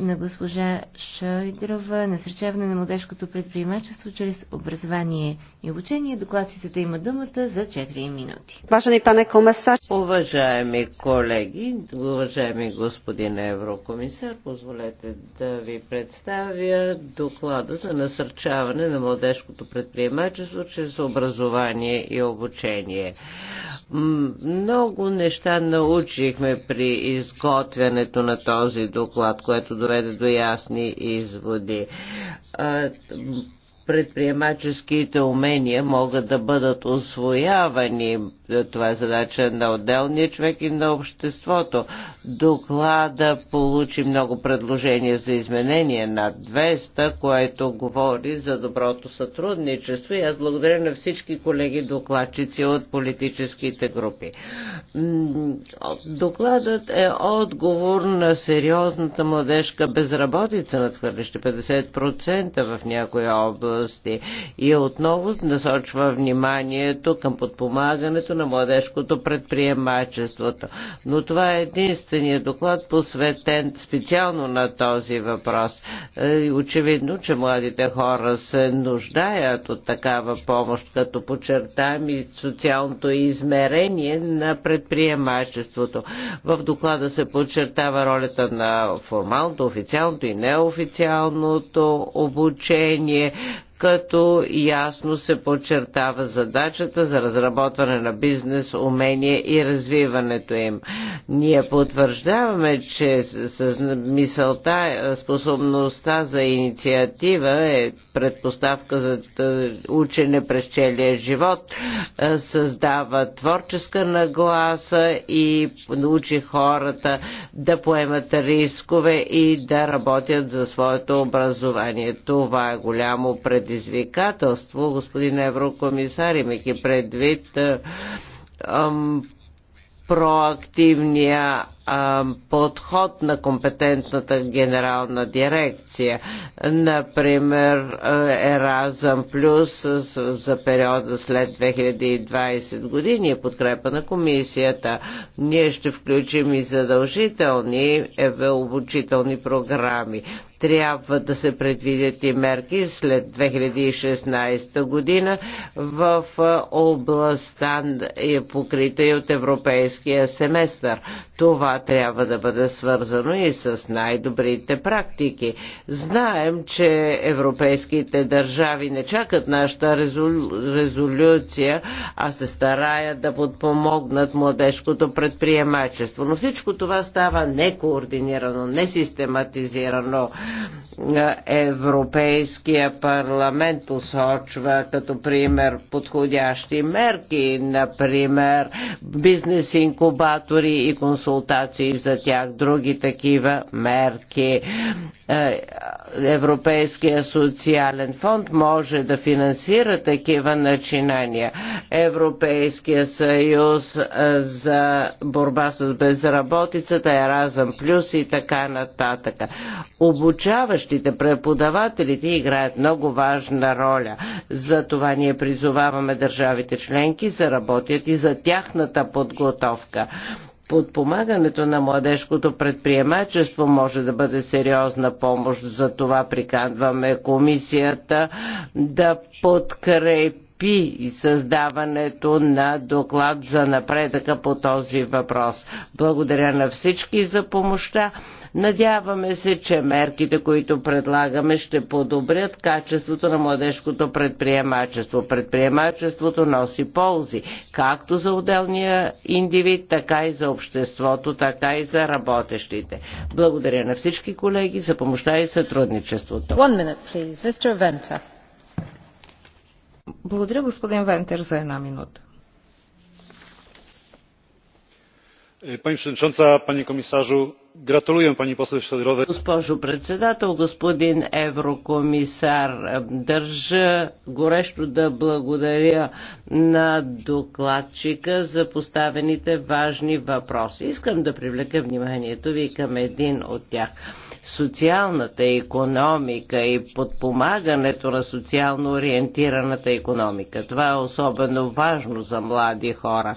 на госпожа Шойдрова насречаване на младежкото предприемачество чрез образование и обучение. Докладчицата има думата за 4 минути. Важен е, пане комисар. Уважаеми колеги, уважаеми господин еврокомисар, позволете да ви представя доклада за насърчаване на младежкото предприемачество чрез образование и обучение. Много неща научихме при изготвянето на този доклад, което до доведе до ясни изводи предприемаческите умения могат да бъдат освоявани. Това е задача на отделния човек и на обществото. Доклада получи много предложения за изменение на 200, което говори за доброто сътрудничество и аз благодаря на всички колеги докладчици от политическите групи. Докладът е отговор на сериозната младежка безработица, на 50% в някоя област дейности и отново насочва вниманието към подпомагането на младежкото предприемачеството. Но това е единственият доклад посветен специално на този въпрос. Е, очевидно, че младите хора се нуждаят от такава помощ, като подчертаем и социалното измерение на предприемачеството. В доклада се подчертава ролята на формалното, официалното и неофициалното обучение, като ясно се подчертава задачата за разработване на бизнес, умение и развиването им. Ние потвърждаваме, че с мисълта, способността за инициатива е предпоставка за учене през целия живот, създава творческа нагласа и научи хората да поемат рискове и да работят за своето образование. Това е голямо предизвикателство предизвикателство, господин еврокомисар, имайки предвид ам, проактивния подход на компетентната генерална дирекция. Например, Еразъм Плюс за периода след 2020 години е подкрепа на комисията. Ние ще включим и задължителни е, обучителни програми трябва да се предвидят и мерки след 2016 година в областта е, покрита и от европейския семестър. Това това трябва да бъде свързано и с най-добрите практики. Знаем, че европейските държави не чакат нашата резолю... резолюция, а се стараят да подпомогнат младежкото предприемачество. Но всичко това става некоординирано, несистематизирано. Европейския парламент посочва като пример подходящи мерки, например бизнес-инкубатори и консултации компенсации за тях, други такива мерки. Е, Европейския социален фонд може да финансира такива начинания. Европейския съюз е, за борба с безработицата, Еразъм Плюс и така нататък. Обучаващите, преподавателите играят много важна роля. За това ние призоваваме държавите членки да работят и за тяхната подготовка. Подпомагането на младежкото предприемачество може да бъде сериозна помощ. За това приканваме комисията да подкрепи подкрепи създаването на доклад за напредъка по този въпрос. Благодаря на всички за помощта. Надяваме се, че мерките, които предлагаме, ще подобрят качеството на младежкото предприемачество. Предприемачеството носи ползи, както за отделния индивид, така и за обществото, така и за работещите. Благодаря на всички колеги за помощта и сътрудничеството. One minute, please. Mr. Благодаря, господин Вентер, за една минута. Pani przewodnicząca, panie komisarzu, gratuluję pani Госпожо председател, господин еврокомисар, държа горещо да благодаря на докладчика за поставените важни въпроси. Искам да привлека вниманието ви към един от тях социалната економика и подпомагането на социално ориентираната економика. Това е особено важно за млади хора,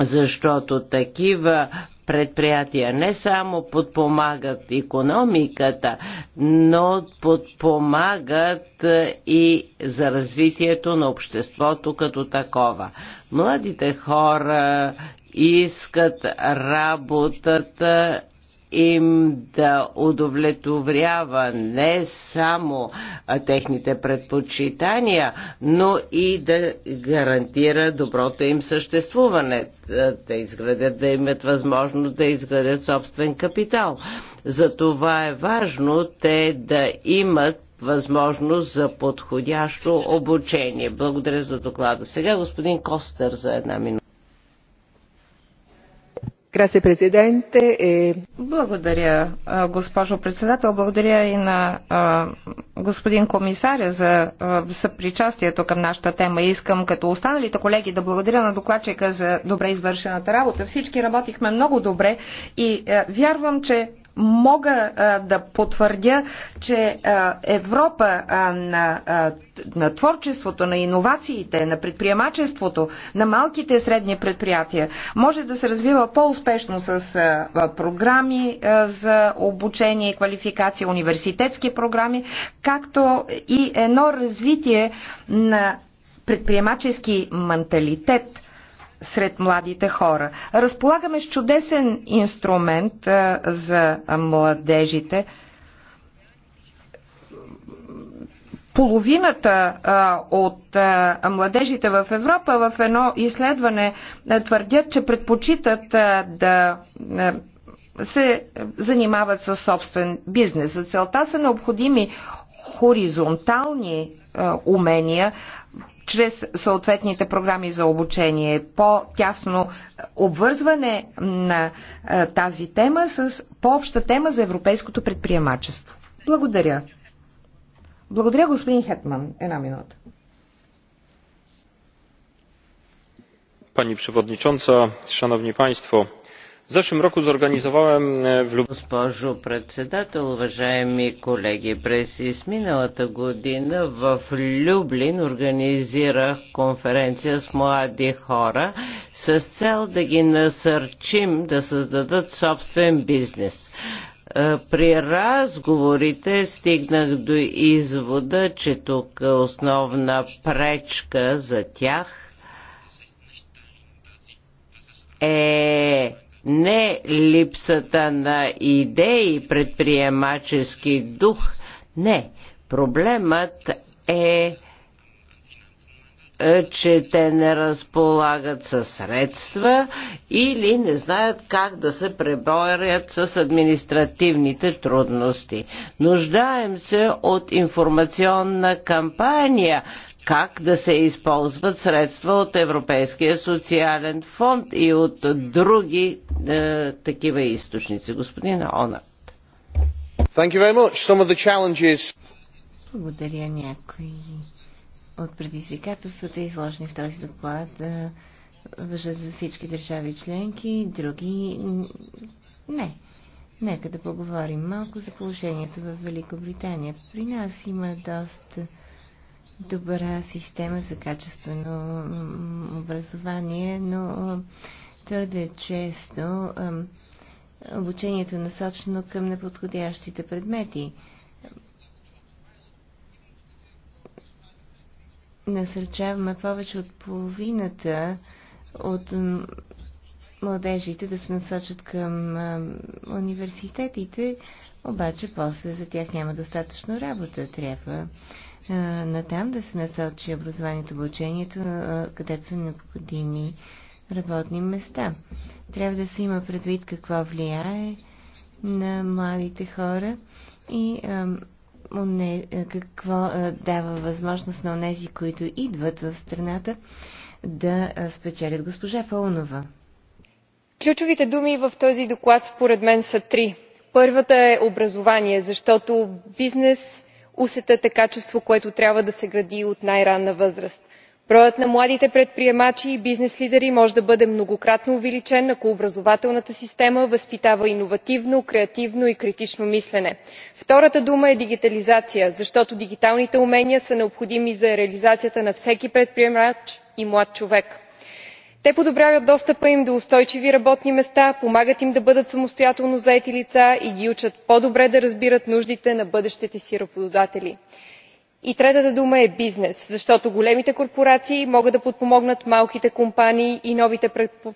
защото такива предприятия не само подпомагат економиката, но подпомагат и за развитието на обществото като такова. Младите хора искат работата им да удовлетворява не само техните предпочитания, но и да гарантира доброто им съществуване, да изградят, да имат възможност да изградят собствен капитал. Затова е важно те да имат възможност за подходящо обучение. Благодаря за доклада. Сега господин Костър за една минута. E- благодаря, госпожо председател. Благодаря и на господин комисаря за съпричастието към нашата тема. Искам като останалите колеги да благодаря на докладчика за добре извършената работа. Всички работихме много добре и вярвам, че мога а, да потвърдя, че а, Европа а, на, а, на творчеството, на иновациите, на предприемачеството, на малките и средни предприятия може да се развива по-успешно с а, програми а, за обучение и квалификация, университетски програми, както и едно развитие на предприемачески менталитет – сред младите хора. Разполагаме с чудесен инструмент за младежите. Половината от младежите в Европа в едно изследване твърдят, че предпочитат да се занимават със собствен бизнес. За целта са необходими хоризонтални е, умения чрез съответните програми за обучение, по-тясно обвързване на е, тази тема с по-обща тема за европейското предприемачество. Благодаря. Благодаря, господин Хетман. Една минута. Pani Przewodnicząca, Szanowni Państwo, е, Госпожо председател, уважаеми колеги, през изминалата година в Люблин организирах конференция с млади хора с цел да ги насърчим да създадат собствен бизнес е, при разговорите стигнах до извода, че тук е основна пречка за тях е не липсата на идеи, предприемачески дух. Не. Проблемът е, е че те не разполагат със средства или не знаят как да се преборят с административните трудности. Нуждаем се от информационна кампания, как да се използват средства от Европейския социален фонд и от други е, такива източници. Господин Онард. Challenges... Благодаря някои от предизвикателствата, изложени в този доклад, е, въжат за всички държави членки, други не. Нека да поговорим малко за положението в Великобритания. При нас има доста добра система за качествено образование, но твърде често обучението е насочено към неподходящите предмети. Насърчаваме повече от половината от младежите да се насочат към университетите, обаче после за тях няма достатъчно работа. Трябва на там да се насочи образованието, обучението, където са необходими работни места. Трябва да се има предвид какво влияе на младите хора и какво дава възможност на онези, които идват в страната, да спечелят госпожа Пълнова. Ключовите думи в този доклад според мен са три. Първата е образование, защото бизнес усетът е качество което трябва да се гради от най ранна възраст. броят на младите предприемачи и бизнес лидери може да бъде многократно увеличен ако образователната система възпитава иновативно креативно и критично мислене. втората дума е дигитализация защото дигиталните умения са необходими за реализацията на всеки предприемач и млад човек те подобряват достъпа им до устойчиви работни места помагат им да бъдат самостоятелно заети лица и ги учат по добре да разбират нуждите на бъдещите си работодатели и третата дума е бизнес защото големите корпорации могат да подпомогнат малките компании и новите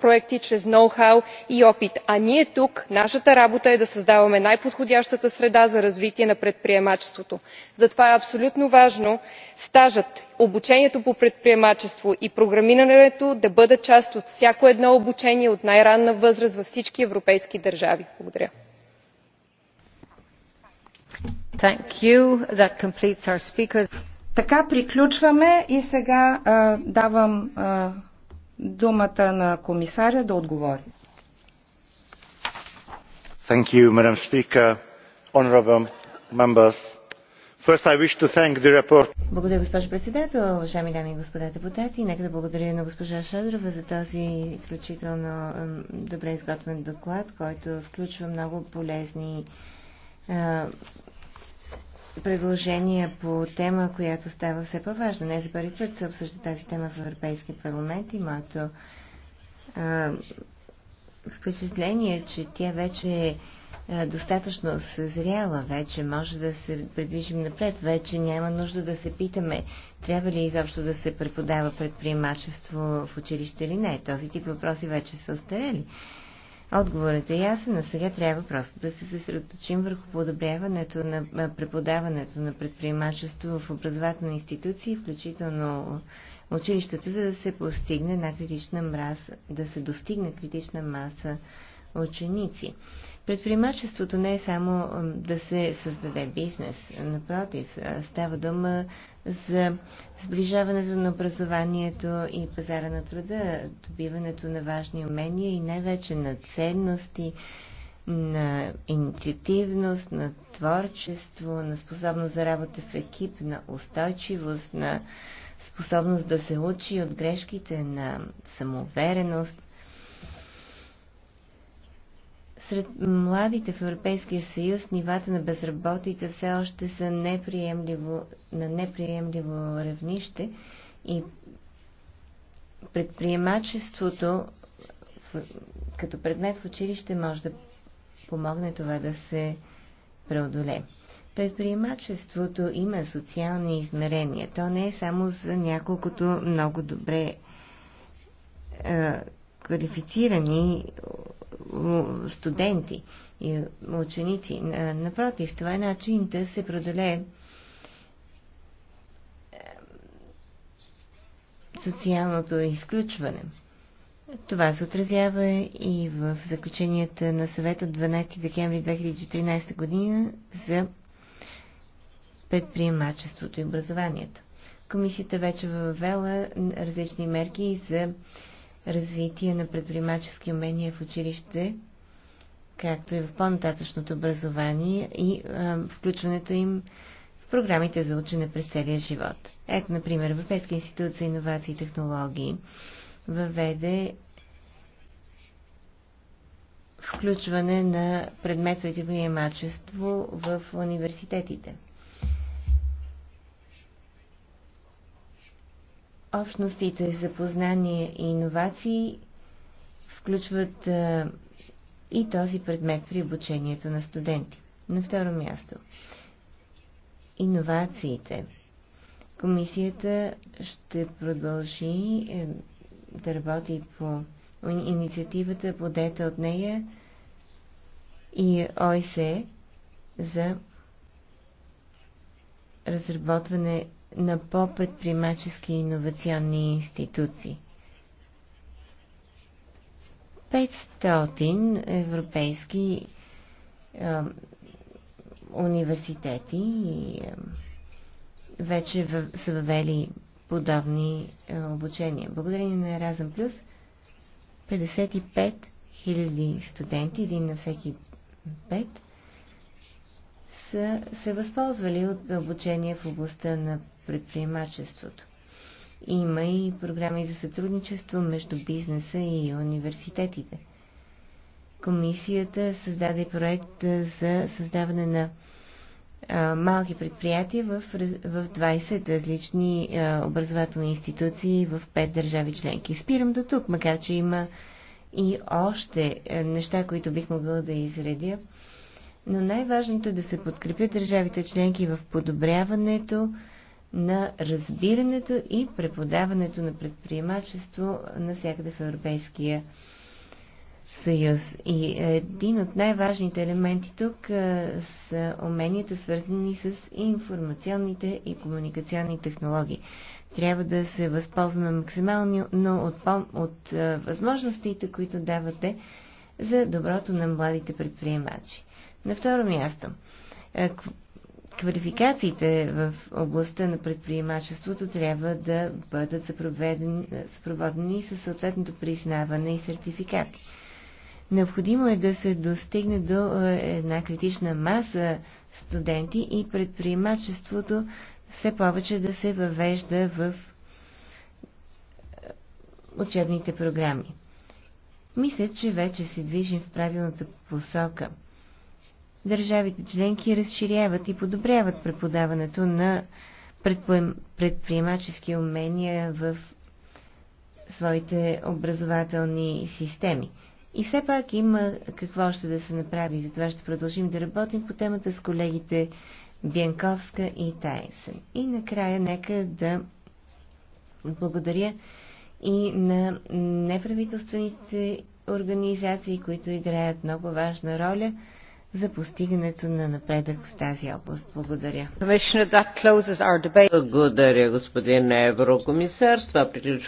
проекти чрез ноу хау и опит а ние тук нашата работа е да създаваме най подходящата среда за развитие на предприемачеството. затова е абсолютно важно стажът обучението по предприемачество и програмирането да бъдат част от всяко едно обучение от най ранна възраст във всички европейски държави. благодаря. Така приключваме и сега давам а, думата на комисаря да отговори. Thank you, Madam Speaker, Honourable members. First, I wish to thank the report. Благодаря, госпожо председател, уважаеми дами и господа депутати. Нека да благодаря на госпожа Шадрова за този изключително добре изготвен доклад, който включва много полезни предложения по тема, която става все по-важна. Не за първи път се обсъжда тази тема в Европейския парламент и моето а, впечатление е, че тя вече е достатъчно съзряла, вече може да се предвижим напред, вече няма нужда да се питаме, трябва ли изобщо да се преподава предприемачество в училище или не. Този тип въпроси вече са остарели. Отговорът е ясен, а сега трябва просто да се съсредоточим върху подобряването на преподаването на предприемачество в образователни институции, включително училищата, за да се постигне на критична маса, да се достигне критична маса ученици. Предприемачеството не е само да се създаде бизнес, напротив, става дума за сближаването на образованието и пазара на труда, добиването на важни умения и най-вече на ценности, на инициативност, на творчество, на способност за работа в екип, на устойчивост, на способност да се учи от грешките, на самоувереност. Сред младите в Европейския съюз нивата на безработица все още са неприемливо, на неприемливо равнище и предприемачеството като предмет в училище може да помогне това да се преодолее. Предприемачеството има социални измерения. То не е само за няколкото много добре е, квалифицирани студенти и ученици. Напротив, това е начин да се продолее е, социалното изключване. Това се отразява и в заключенията на съвета от 12 декември 2013 година за предприемачеството и образованието. Комисията вече въвела различни мерки за развитие на предприемачески умения в училище, както и в по-нататъчното образование и а, включването им в програмите за учене през целия живот. Ето, например, Европейския институт за иновации и технологии въведе включване на предмет предприемачество в университетите. Общностите за познание и иновации включват а, и този предмет при обучението на студенти. На второ място. Иновациите. Комисията ще продължи е, да работи по инициативата, подета от нея и ОИСЕ за разработване на по-предприемачески иновационни институции. 500 европейски е, университети е, вече в, са въвели подобни е, обучения. Благодарение на Еразъм Плюс 55 000 студенти, един на всеки 5, са се възползвали от обучение в областта на предприемачеството. Има и програми за сътрудничество между бизнеса и университетите. Комисията създаде проект за създаване на малки предприятия в, 20 различни образователни институции в 5 държави членки. Спирам до тук, макар че има и още неща, които бих могъл да изредя но най-важното е да се подкрепят държавите членки в подобряването на разбирането и преподаването на предприемачество навсякъде в Европейския съюз. И един от най-важните елементи тук са уменията, свързани с информационните и комуникационни технологии. Трябва да се възползваме максимално но от, от възможностите, които давате за доброто на младите предприемачи. На второ място, е, квалификациите в областта на предприемачеството трябва да бъдат е, съпроводени със съответното признаване и сертификати. Необходимо е да се достигне до е, една критична маса студенти и предприемачеството все повече да се въвежда в учебните програми. Мисля, че вече се движим в правилната посока – държавите членки разширяват и подобряват преподаването на предприемачески умения в своите образователни системи. И все пак има какво още да се направи, затова ще продължим да работим по темата с колегите Бянковска и Тайсен. И накрая нека да благодаря и на неправителствените организации, които играят много важна роля – за постигането на напредък в тази област. Благодаря. Благодаря, господин еврокомисар. С това приключваме.